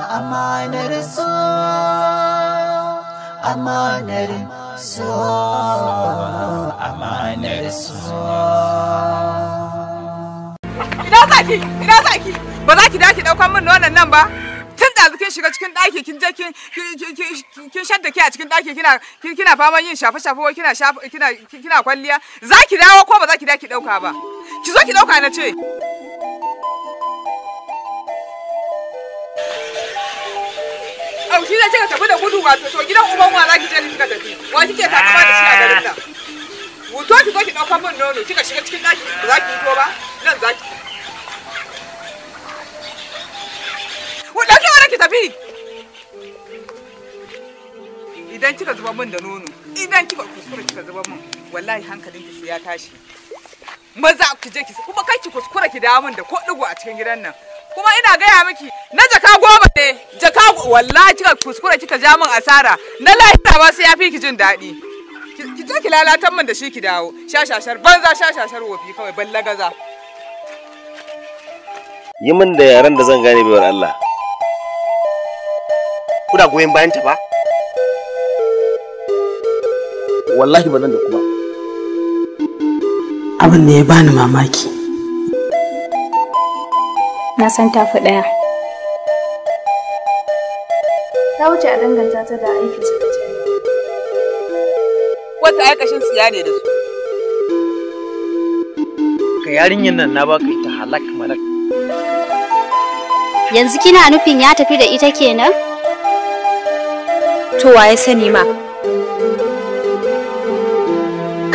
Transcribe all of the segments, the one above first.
Amanar so, Ina zaki, ba za ki daki ɗaukan min nonon nan ba. Tun da kin shiga cikin ɗaki kin je kin shadda ke a cikin ɗaki kina kina faman yin shafe-shafe wai kina kina kina kwalliya. Za ki dawo ko ba za ki daki ɗauka ba? Ki zo ki ɗauka na ce. au shi zai ce ka tafi da gudu wato to gidan uban wa zaki je ni kika tafi wa kike ta kaba da shi a garin nan wuto ki zo ki dauka min nono kika shiga cikin daki ba za ki fito ba nan za ki ku dauke wani ki tafi idan kika zuba min da nono idan kika kuskura kika zuba min wallahi hankalin ki ya tashi maza ku je ki kuma kai ki kuskura ki dawo min da ko digo a cikin gidan nan kuma ina gaya miki na jaka goma ne jaka wallahi kika kuskure kika ja min asara na lahira ba sai yafi ki jin daɗi ki je ki lalatar min da shi ki dawo shashashar banza shashashar wofi kawai ballagaza yi min da yaran da zan gane baiwar Allah kuna goyon bayan ta ba wallahi ba nan da kuma abin da ya bani mamaki na san ta fi ɗaya. Ta wuce a danganta ta da aikin su Wata aikashin su yare da su. Ka yarinyar nan na baka ita halak malak. Yanzu kina nufin ya tafi da ita kenan? To waye sani ma.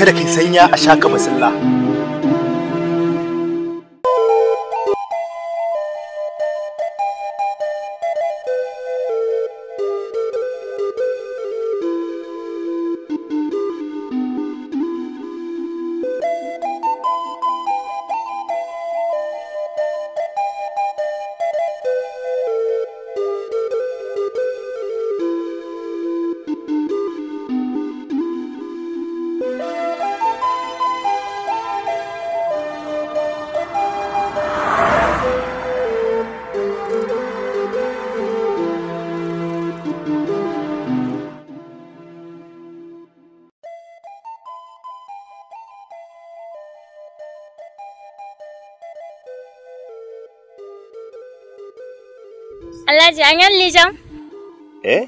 Kada kai sanya a shaka basilla. Alhaji an yan lijan? Eh?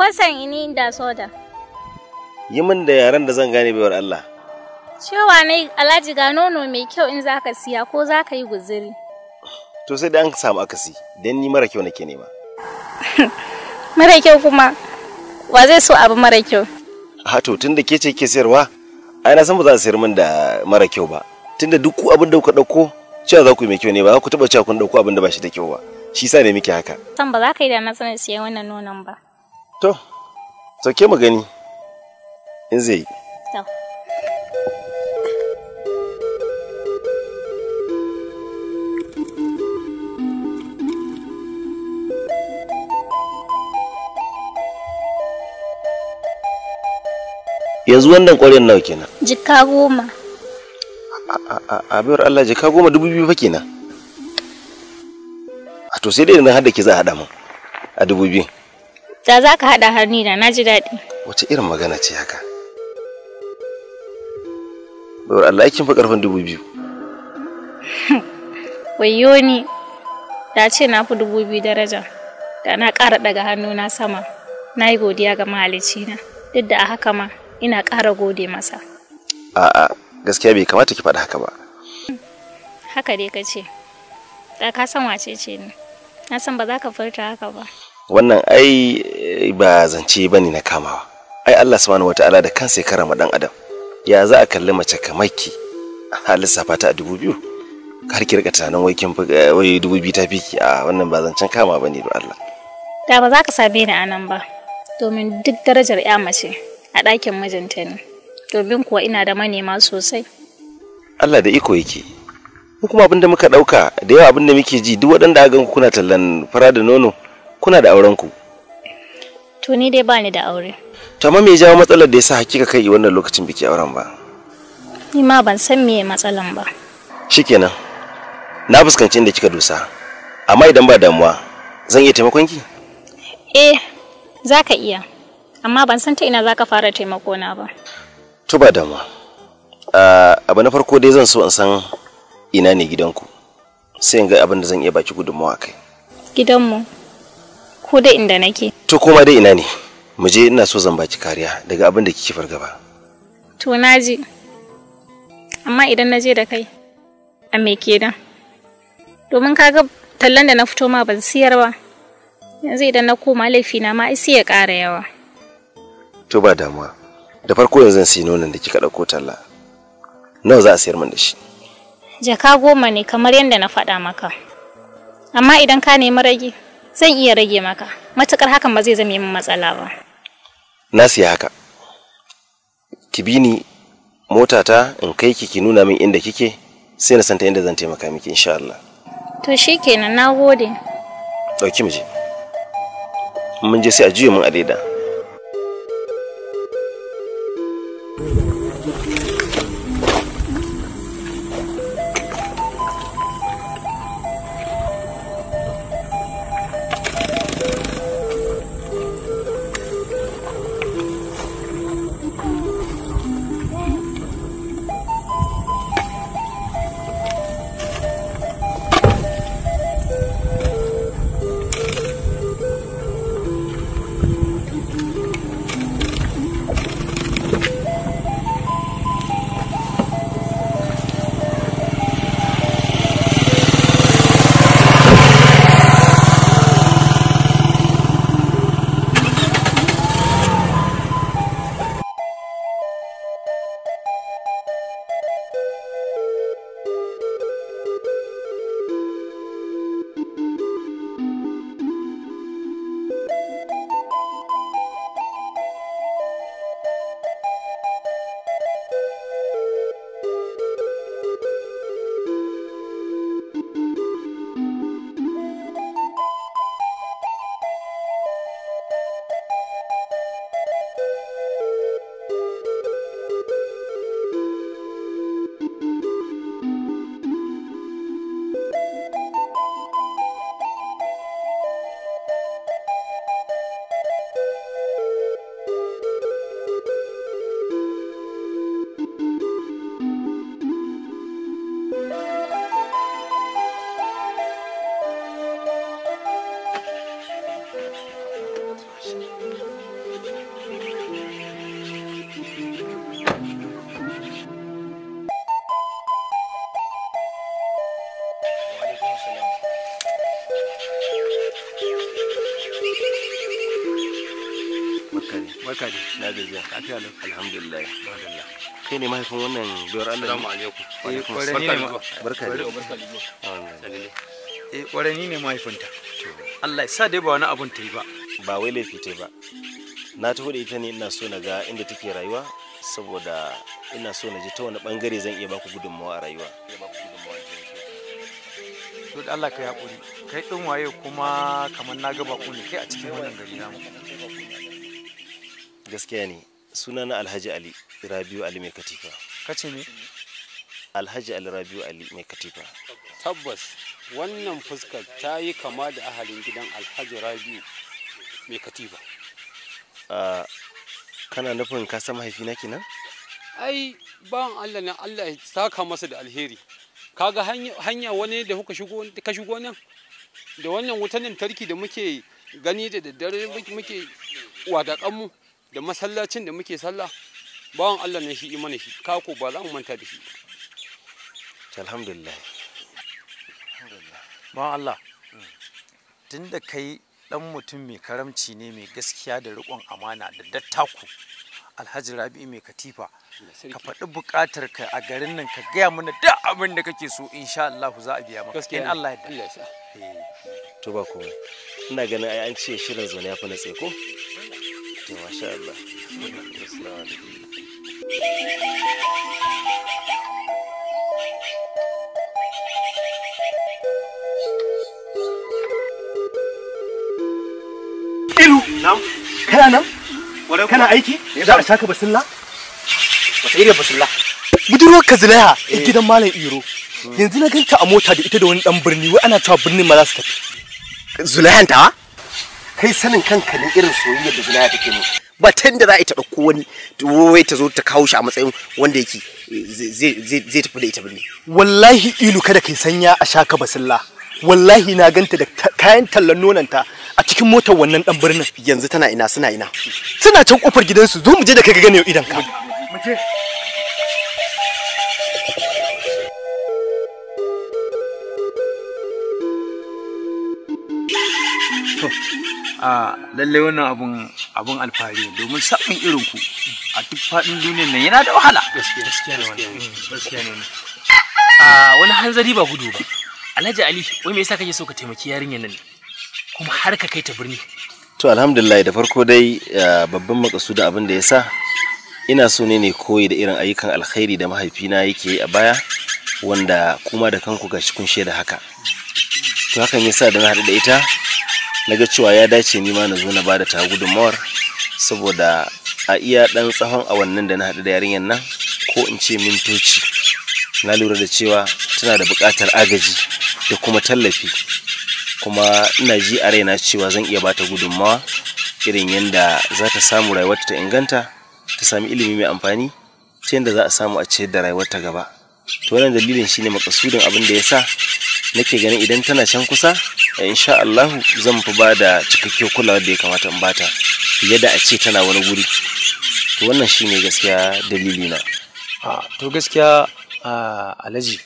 Kwasan ini inda soda. Yi min da yaren da zan gane baiwar Allah. Cewa ne Alhaji ga nono mai kyau in zaka siya ko zaka yi guziri. To sai da an samu akasi, don ni mara kyau nake nema. mara kyau kuma wa zai so abu mara kyau? Ha to tunda ke ce ke sayarwa, ai na san ba za a sayar min da mara kyau ba. Tunda duk abin da kuka dauko cewa za ku yi mai kyau ne ba za ku taba cewa kun dauko abin da ba shi da kyau ba. shi sa ne miki haka san ba za ka yi da na sanin siyan wannan nonon ba to sauke mu gani in zai yi yanzu wannan ƙwarin nawa kenan jika goma a biyar allah jika goma dubu biyu fa kenan to sai dai idan har da ke za a hada mu a dubu biyu da za ka haɗa har ni da na ji daɗi wace irin magana ce haka bawar Allah kin fa karfin dubu biyu wayo ni da ce na fi dubu biyu daraja da na ƙara daga hannuna sama na yi godiya ga mahalicina duk da a haka ma ina ƙara gode masa a'a gaskiya bai kamata ki faɗi haka ba haka dai ka ce da ka san wace ce ne na san ba za ka furta haka ba wannan ai eh, ba zance ba ne na kamawa ai Allah subhanahu wata'ala da kansa ya karama dan adam ya za a kalli mace kamar ki a lissafa ta a dubu biyu har ki rika tunanin wai kin eh, wai dubu biyu ta fiki a wannan ba zancen kama ba ne Allah da ba za ka same ni anan ba domin duk darajar ya mace a ɗakin mijinta ne domin kuwa ina da manema sosai Allah da iko yake kuma abin da muka dauka da yawa abin da muke ji duk waɗanda a ganku kuna tallan fara da nono kuna da auren ku to ni dai bani da aure to amma me ya jawo matsalar da yasa hakika kai wannan lokacin biki auren ba ni ma ban san me matsalan ba shikenan na fuskanci inda kika dosa amma idan ba damuwa zan iya taimakon ki eh zaka iya amma ban san ta ina zaka fara taimako na ba to ba damuwa ah, abu na farko dai zan so in san ina ne gidanku sai in ga abin da zan iya baki gudunmawa kai gidanmu ko da inda nake to kuma dai ina ne mu je ina so zan baki kariya daga abin da kike fargaba to naji amma idan na je da kai a me da domin kaga tallan da na fito ma ban siyar ba yanzu idan na koma laifi na ma ai sai ya ƙara yawa to ba damuwa da farko yanzu zan sayi nonon da kika ɗauko talla nawa za a sayar min da shi jaka goma ne kamar yadda na faɗa maka amma idan ka nemi rage zan iya rage maka matukar hakan ba zai zame min matsala ba na siya haka ki bi ni motata in kai ki ki nuna min inda kike sai na santa inda zan taimaka miki insha Allah to shikenan nagode dauki mu je mun je sai a juye mun a gajiya lafiya lafiya alhamdulillah kai ne mahaifin wannan biyar Allah assalamu alaikum eh kware ne barka da barka eh kware ni ne mahaifinta Allah ya sa dai ba wani abun ta yi ba ba wai laifi ta ba na taho da ita ne ina so na ga inda take rayuwa saboda ina so na ji ta wani bangare zan iya baku gudunmawa a rayuwa to da Allah ka yi hakuri kai din waye kuma kamar na ga bako ne kai a cikin wannan gari namu gaskiya ne suna na alhaji ali rabiu ali mai katifa kace me alhaji ali rabiu ali mai katifa tabbas wannan fuskar ta yi kama da ahalin gidan alhaji rabiu mai katifa kana nufin ka san na kenan ai ban allah na allah ya saka masa da alheri kaga hanya wani da kuka shigo ka shigo nan da wannan wutan lantarki da muke gani da daddare muke wadakan mu da masallacin da muke sallah bawan Allah ne shi imani shi kako ba za mu manta da shi alhamdulillah bawan Allah hmm. tunda kai dan mutum mai karamci ne mai gaskiya da riƙon amana da dattaku alhaji rabi mai katifa ka faɗi buƙatar ka a garin nan ka gaya mana da abin da kake so insha Allah za a biya maka in Allah ya eh. to ba ko ina ganin ai an ce shirin zaune ya fi na tseko to masha Allah Ilu! Kana nan? Kana aiki? Eh, za a shaka basilla? Wata irin basilla? budurwar ka zulaya a eh. gidan malam iro yanzu na ganta a mota da ita da wani dan birni wai ana cewa birnin ma za su tafi zulayan tawa kai sanin kanka ne irin soyayyar da zinaya take mu ba tanda za a yi ta ɗauko wani wai ta zo ta kawo shi a matsayin wanda yake zai tafi da ita birni. wallahi ilu kada kai sanya a shaka basilla wallahi na ganta da kayan tallan nonanta a cikin motar wannan dan birnin yanzu tana ina suna ina suna can kofar gidansu zo mu je da kai gane idan ka a lallai wannan abun abun alfahari domin samun irin ku a duk faɗin duniyar nan yana da wahala mm, wani hanzari ba gudu ba alhaji ali wai me yasa kake so ka taimaki yarinyar nan kuma har ka kai ta birni to alhamdulillah da farko dai babban makasuda abin da yasa ina so ne ne koyi da irin ayyukan alkhairi da mahaifina yake a baya wanda kuma da kanku ga kun da haka to hakan yasa da na haɗu da ita na ga cewa ya dace ni ma na zo na bada ta gudunmawar saboda a iya ɗan tsawon wannan da na haɗu da yarinyar nan ko in ce mintoci na lura da cewa tana da buƙatar agaji da kuma tallafi kuma ina ji a raina cewa zan iya bata gudunmawa irin yadda za ta samu rayuwarta ta inganta ta sami ilimi mai amfani ta yadda za a samu a ciyar da rayuwarta gaba to wannan dalilin shine makasudin abin da ya sa nake ganin idan tana can kusa eh, insha Allah zan fi ba da cikakkiyar kulawa da ya kamata in bata fiye da a ce tana wani guri to wannan shine gaskiya dalili na to gaskiya alaji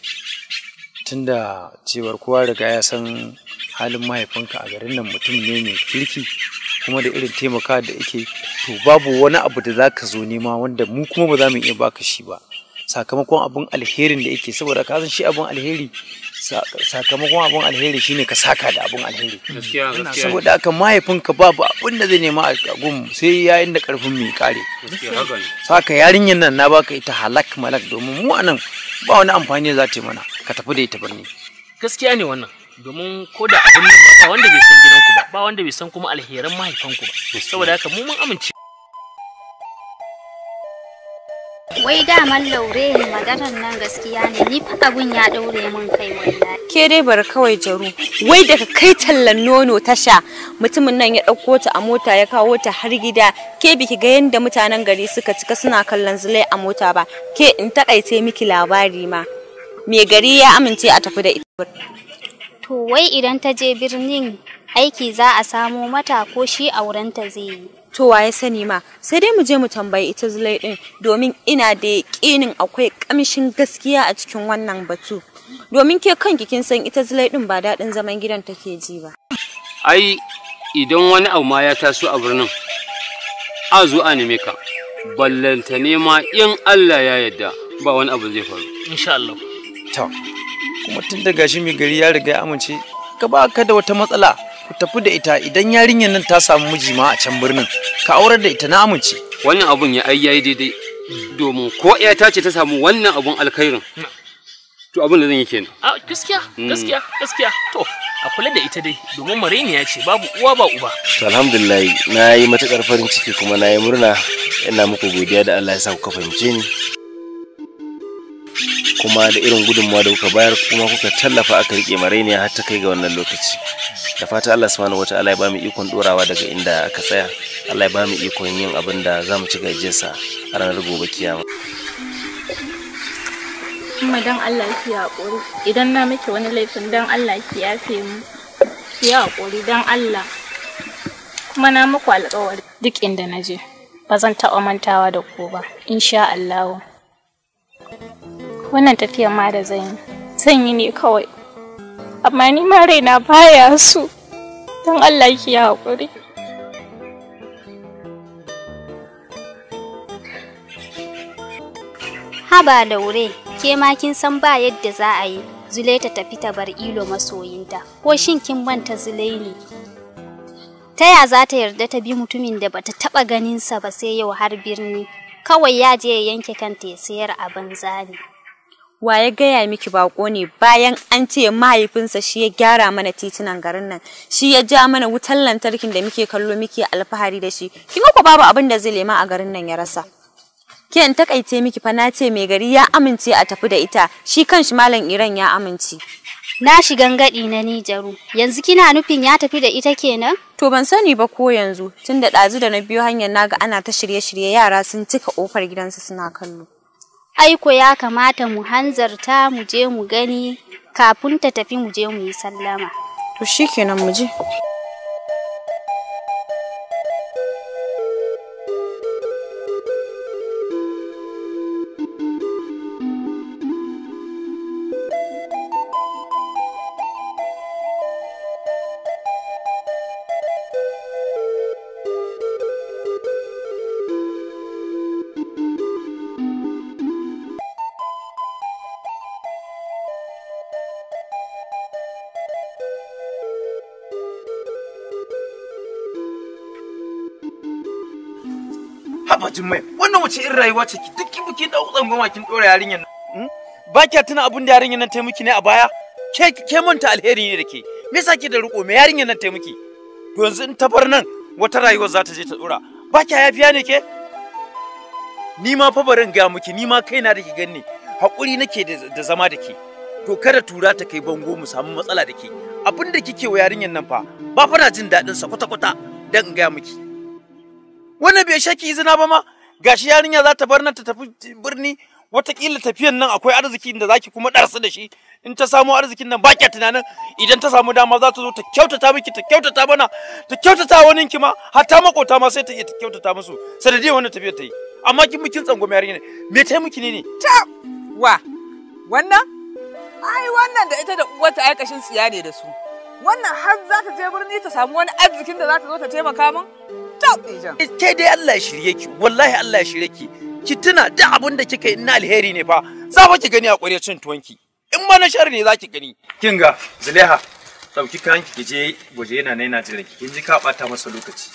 tunda cewar kowa riga ya san halin mahaifinka a garin nan mutum ne mai kirki kuma da irin taimaka da yake to babu wani abu da za ka zo nema wanda mu kuma ba za mu iya baka shi ba sakamakon abun alherin da yake saboda ka san shi abun alheri sakamakon abun alheri shine ka saka da abun alheri saboda haka mahaifinka babu abun da zai nema a gun sai yayin da karfin mai kare saka yarinyar nan na baka ita halak malak domin mu anan ba wani amfani za ta yi mana ka tafi da ita birni gaskiya ne wannan domin ko da abin nan ba wanda bai san gidanku ba ba wanda bai san kuma alheran mahaifanku ba saboda haka mu mun amince Wai daman laure ne nan gaskiya ne ni fa abun ya daure mun kai wallahi. Ke dai bar kawai jaru wai daga kai tallan nono tasha mutumin nan ya ɗauko ta a mota ya kawo ta har gida ke biki ga yanda mutanen gari suka cika suna kallon zulai a mota ba ke in takaice miki labari ma. Me gari ya amince a tafi da ita. To wai idan ta je birnin aiki za a samo mata ko shi aurenta zai yi. to wa ya sani ma sai dai mu je mu tambayi ita zulai din domin ina da yakinin akwai ƙamshin gaskiya a cikin wannan batu domin ke kanki kin san ita zulai din ba daɗin zaman gidan take ji ba ai idan wani abu ma ya taso a birnin a zo a neme ka ballanta nema in Allah ya yarda ba wani abu zai faru insha Allah to kuma tun da gashi mai gari ya riga ya amince ka ba ka da wata matsala ku tafi da ita idan yarinyar nan ta samu miji ma a can birnin ka aurar da ita na amince wannan abun ya ayya daidai domin ko ta ce ta samu wannan abun alkhairin to abin da zan yi kenan a ah, gaskiya mm. gaskiya gaskiya to a kula da ita dai domin marini ya ce babu uwa ba uba to alhamdulillah na yi matukar farin ciki kuma na yi murna ina muku godiya da Allah ya sa ku fahimce ni kuma da irin gudunmawa da kuka bayar kuma kuka tallafa aka rike maraini har ta kai ga wannan lokaci da fata Allah subhanahu wataala ya bamu ikon dorawa daga inda aka tsaya Allah ya bamu ikon yin abin da za mu ci gajiyarsa a ranar gobe kiyama kuma dan Allah ki hakuri idan na miki wani laifin dan Allah ki yafe mu ki hakuri dan Allah kuma na muku alƙawari duk inda na je ba zan taɓa mantawa da ku ba insha Allah wannan tafiyar ma da zan yi zan ne kawai amma ni ma raina baya su, don Allah ki ya haƙuri haba da wure ke ma kin san ba yadda za a yi ta tafi ta bar ilo masoyinta ko shin kin manta ne? ta ya za ta yarda ta bi mutumin da bata taɓa ganinsa ba sai yau har birni kawai ya je ya yanke kanta ya sayar a banza ne wa ya gaya miki bako ne bayan an ce mahaifinsa shi ya gyara mana titunan garin nan shi ya ja mana wutar lantarkin da muke kallo muke alfahari da shi kin ga babu abin da zai lema a garin nan ya rasa kiyan takaice miki fa na ce mai gari ya amince a tafi da ita shi kan shi malam Iran ya amince na shi gangadi na ni yanzu kina nufin ya tafi da ita kenan to ban sani ba ko yanzu tunda dazu da na biyo hanyar naga ana ta shirye-shirye yara sun cika kofar gidansu suna kallo aiko ya kamata mu hanzarta mu je mu gani kafin ta tafi mu je mu yi sallama to shikenan mu je haba jummai wannan wace irin rayuwa ce ki duk kin kin dau tsangwama kin dora yarinyar nan hmm? ba kiya tuna abin da yarinyar nan ta miki ne a baya ke ke manta alheri ne da ke me yasa ki da riko me yarinyar nan ta miki to yanzu in ta bar nan wata rayuwa za ta je ta dora ba kiya yafiya ne ke ni ma fa barin ga miki ni ma kaina da ki ganni hakuri nake da zama da ke to kada tura ta kai bango mu samu matsala da ke abin da kike wa yarinyar nan fa ba fa na jin daɗin sa kwata-kwata dan in gaya miki wannan bai shaki izina ba ma gashi yarinya za ta bar nan ta tafi birni watakila tafiyan nan akwai arzikin da zaki kuma darsu da shi in ta samu arzikin nan ba tunanin idan ta samu dama za ta zo ta kyautata miki ta kyautata mana ta kyautata wani ki ma ta makota ma sai ta iya ta kyautata musu sanadiyar wannan tafiyar ta yi amma kin mukin mai yarinya ne me ta miki ne ne ta wa wannan ai wannan da ita da uwarta ai kashin tsiya ne da su wannan har za ta je birni ta samu wani arzikin da za ta zo ta taimaka min Ke dai Allah ya shirye ki, wallahi Allah ya shirye ki. Ki tuna da abin da kika yi na alheri ne fa, za fa ki gani a ƙwarya cin tuwanki. In ma na shari ne za ki gani. Kin ga, Zuleha, ɗauki kayan ki je waje yana na yana jiran ki, kin ji ka ɓata masa lokaci.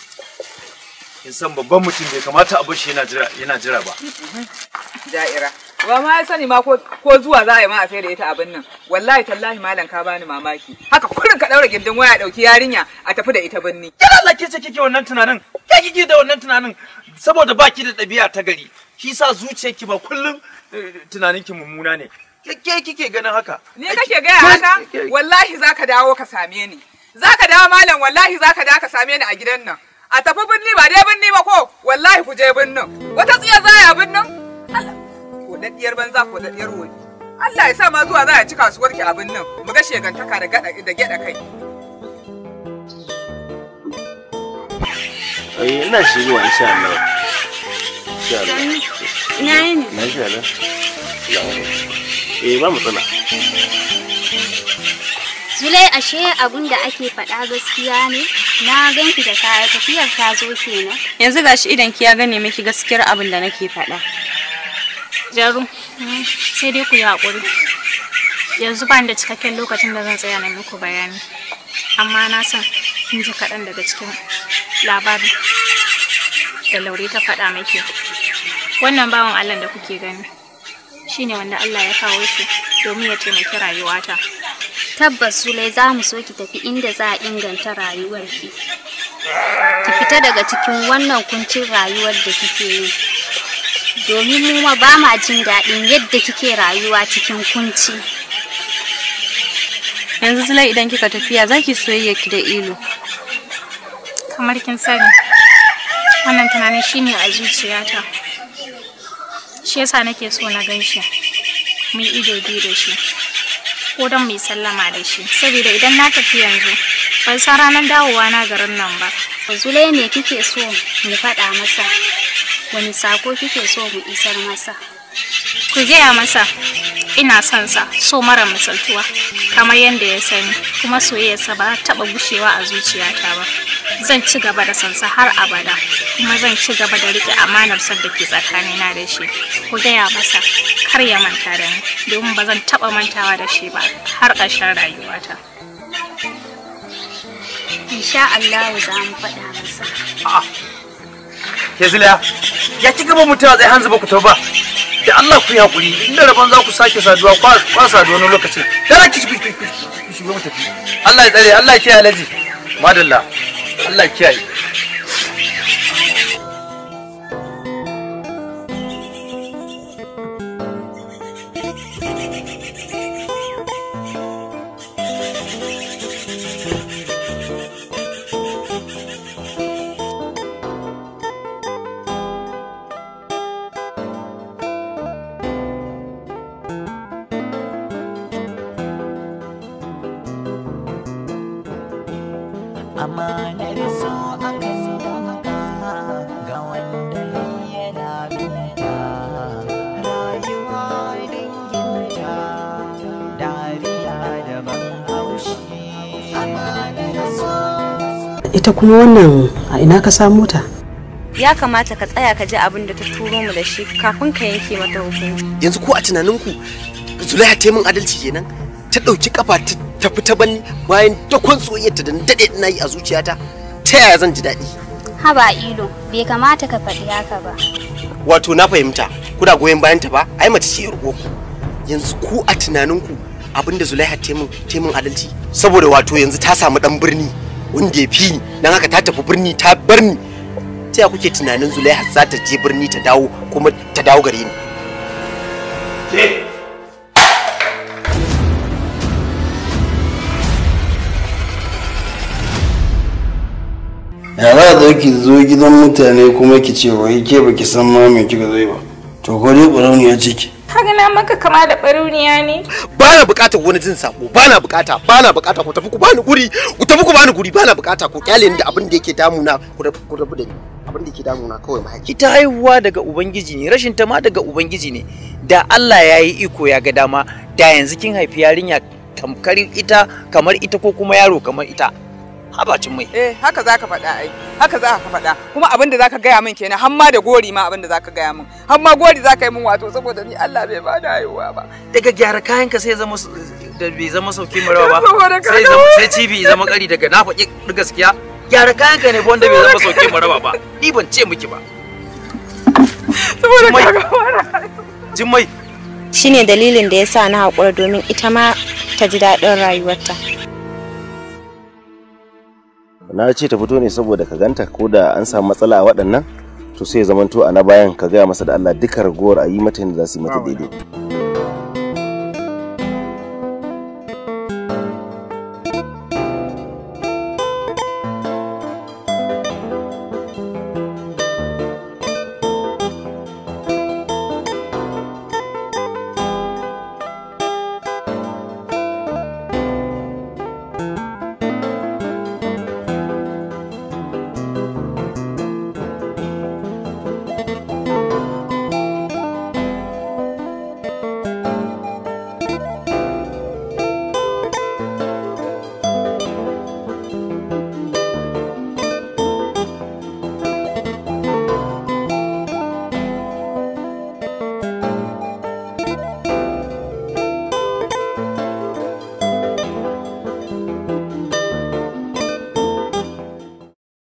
Kin san babban mutum bai kamata a bar shi yana jira ba. Da'ira. ba ma ya sani ma ko zuwa za a yi ma a sai da ita abin nan wallahi tallahi malam ka bani mamaki haka kurin ka daura gindin waya dauki yarinya a tafi da ita birni ya ke ce kike wannan tunanin ke kike da wannan tunanin saboda baki da ɗabi'a ta gari shi sa zuciyarki ba kullum eh, tunaninki mummuna ne ke kike ganin haka ni kake gaya haka wallahi zaka dawo ka same ni zaka dawo malam wallahi zaka dawo ka same ni a gidan nan a tafi birni ba dai birni ba ko wallahi ku je birnin wata tsiya zaya birnin daddiyar banza ko daddiyar wobi Allah ya sa ma zuwa za a ci kasuwar ki abin nan mu ga shegantaka da gada da gada kai ai ina shi zuwa insha Allah insha Allah ina yi ne insha Allah eh ba mu tsana Zulai ashe abun da ake faɗa gaskiya ne na gan ki da kaya tafiyar ta zo kenan yanzu gashi idan ki ya gane miki gaskiyar abin da nake faɗa jaru sai dai ku yi haƙuri yanzu ba da cikakken lokacin da zan tsaya na muku bayani amma na san in ji kaɗan daga cikin labarin da laure ta faɗa miki wannan bawan allah da kuke gani shine wanda allah ya kawo shi domin ya taimaki rayuwata tabbas sulai za mu so ki tafi inda za a inganta rayuwarki ki fita daga cikin wannan kuncin rayuwar da kike yi domin mu ma ba ma jin daɗin yadda kike rayuwa cikin kunci. Yanzu zila idan kika tafiya za ki soyayya ki da ilo. Kamar kin sani, wannan tunanin shi ne a zuciyata. Shi yasa nake so na gan shi, mu yi ido biyu da shi, ko dan muyi sallama da shi. Saboda idan na tafi yanzu, ban san ranar dawowa na garin nan ba. Zulai ne kike so mu faɗa masa. wani sako kike so mu isar masa ku gaya masa ina son sa so mara misaltuwa kamar yadda ya sani kuma soyayyarsa ba taɓa gushewa a zuciyata ba zan ci gaba da sansa har abada kuma zan ci gaba da riƙe amanar son da ke tsakanina da shi ku gaya masa kar ya manta da ni domin ba zan taɓa mantawa da shi ba har ƙarshen rayuwata insha Allah za mu faɗa masa ke ya ci gaba mutuwa tsaye hanzu ba ku ba da Allah ku yi haƙuri inda rabon za ku sake saduwa kwa saduwa wani lokacin da ki kishi kishi kishi Allah ya tsare Allah ya kiyaye alaji madalla Allah ya kiyaye ita kuma wannan a ina ka samu ta ya kamata ka tsaya ka ji abin da ta turo mu da shi kafin ka yanke mata hukunci yanzu ko a tunaninku zulaiha ta min adalci kenan ta dauki kafa ta tafi ta bani bayan ta soyayyarta da dade ina yi a zuciyata ta yaya zan ji daɗi haba ilo bai kamata ka faɗi haka ba wato na fahimta kuna goyon bayan ta ba ai mace ce ku yanzu ku a tunaninku abinda zulaiha ta min adalci saboda wato yanzu ta samu dan birni wanda ya fi ni don haka ta tafi birni ta bar ni ta kuke tunanin zulaiha za ta je birni ta dawo kuma ta dawo gare ni ya za zo ki zo gidan mutane kuma ki ce wai ke baki san ma mai kika zo ba to ko dai ƙwarau ya ya ciki kaga maka kama da baruniya ne ba na bukatar wani jin sako ba na bukata ba na bukata ku tafi ku bani guri ku tafi ku bani guri ba na bukata ku kyale da abin da yake damuna ku rabu da ni abin da yake damuna kawai ma haki ta haihuwa daga ubangiji ne rashin ta ma daga ubangiji ne da Allah ya yi iko ya ga dama da yanzu kin haifi yarinya tamkar ita kamar ita ko kuma yaro kamar ita habacin mai eh haka zaka faɗa ai haka za ka faɗa kuma abin da zaka gaya min kenan har ma da gori ma abin da zaka gaya min har ma gori zaka yi min wato saboda ni Allah bai bada haihuwa ba daga gyara kayan ka sai zama da bai zama sauki mu rawa ba sai zama sai cibi zama kari daga na faɗi gaskiya gyara kayan ka ne ba wanda bai zama sauki mu rawa ba ni ban ce miki ba saboda ka jimmai shine dalilin da yasa na haƙura domin ita ma ta ji daɗin rayuwarta na ce ta fito ne saboda ka ganta ko da an samu matsala a waɗannan to sai ya zamanto a na bayan ka gaya masa da Allah duka ragowar a yi mata yadda za su yi mata daidai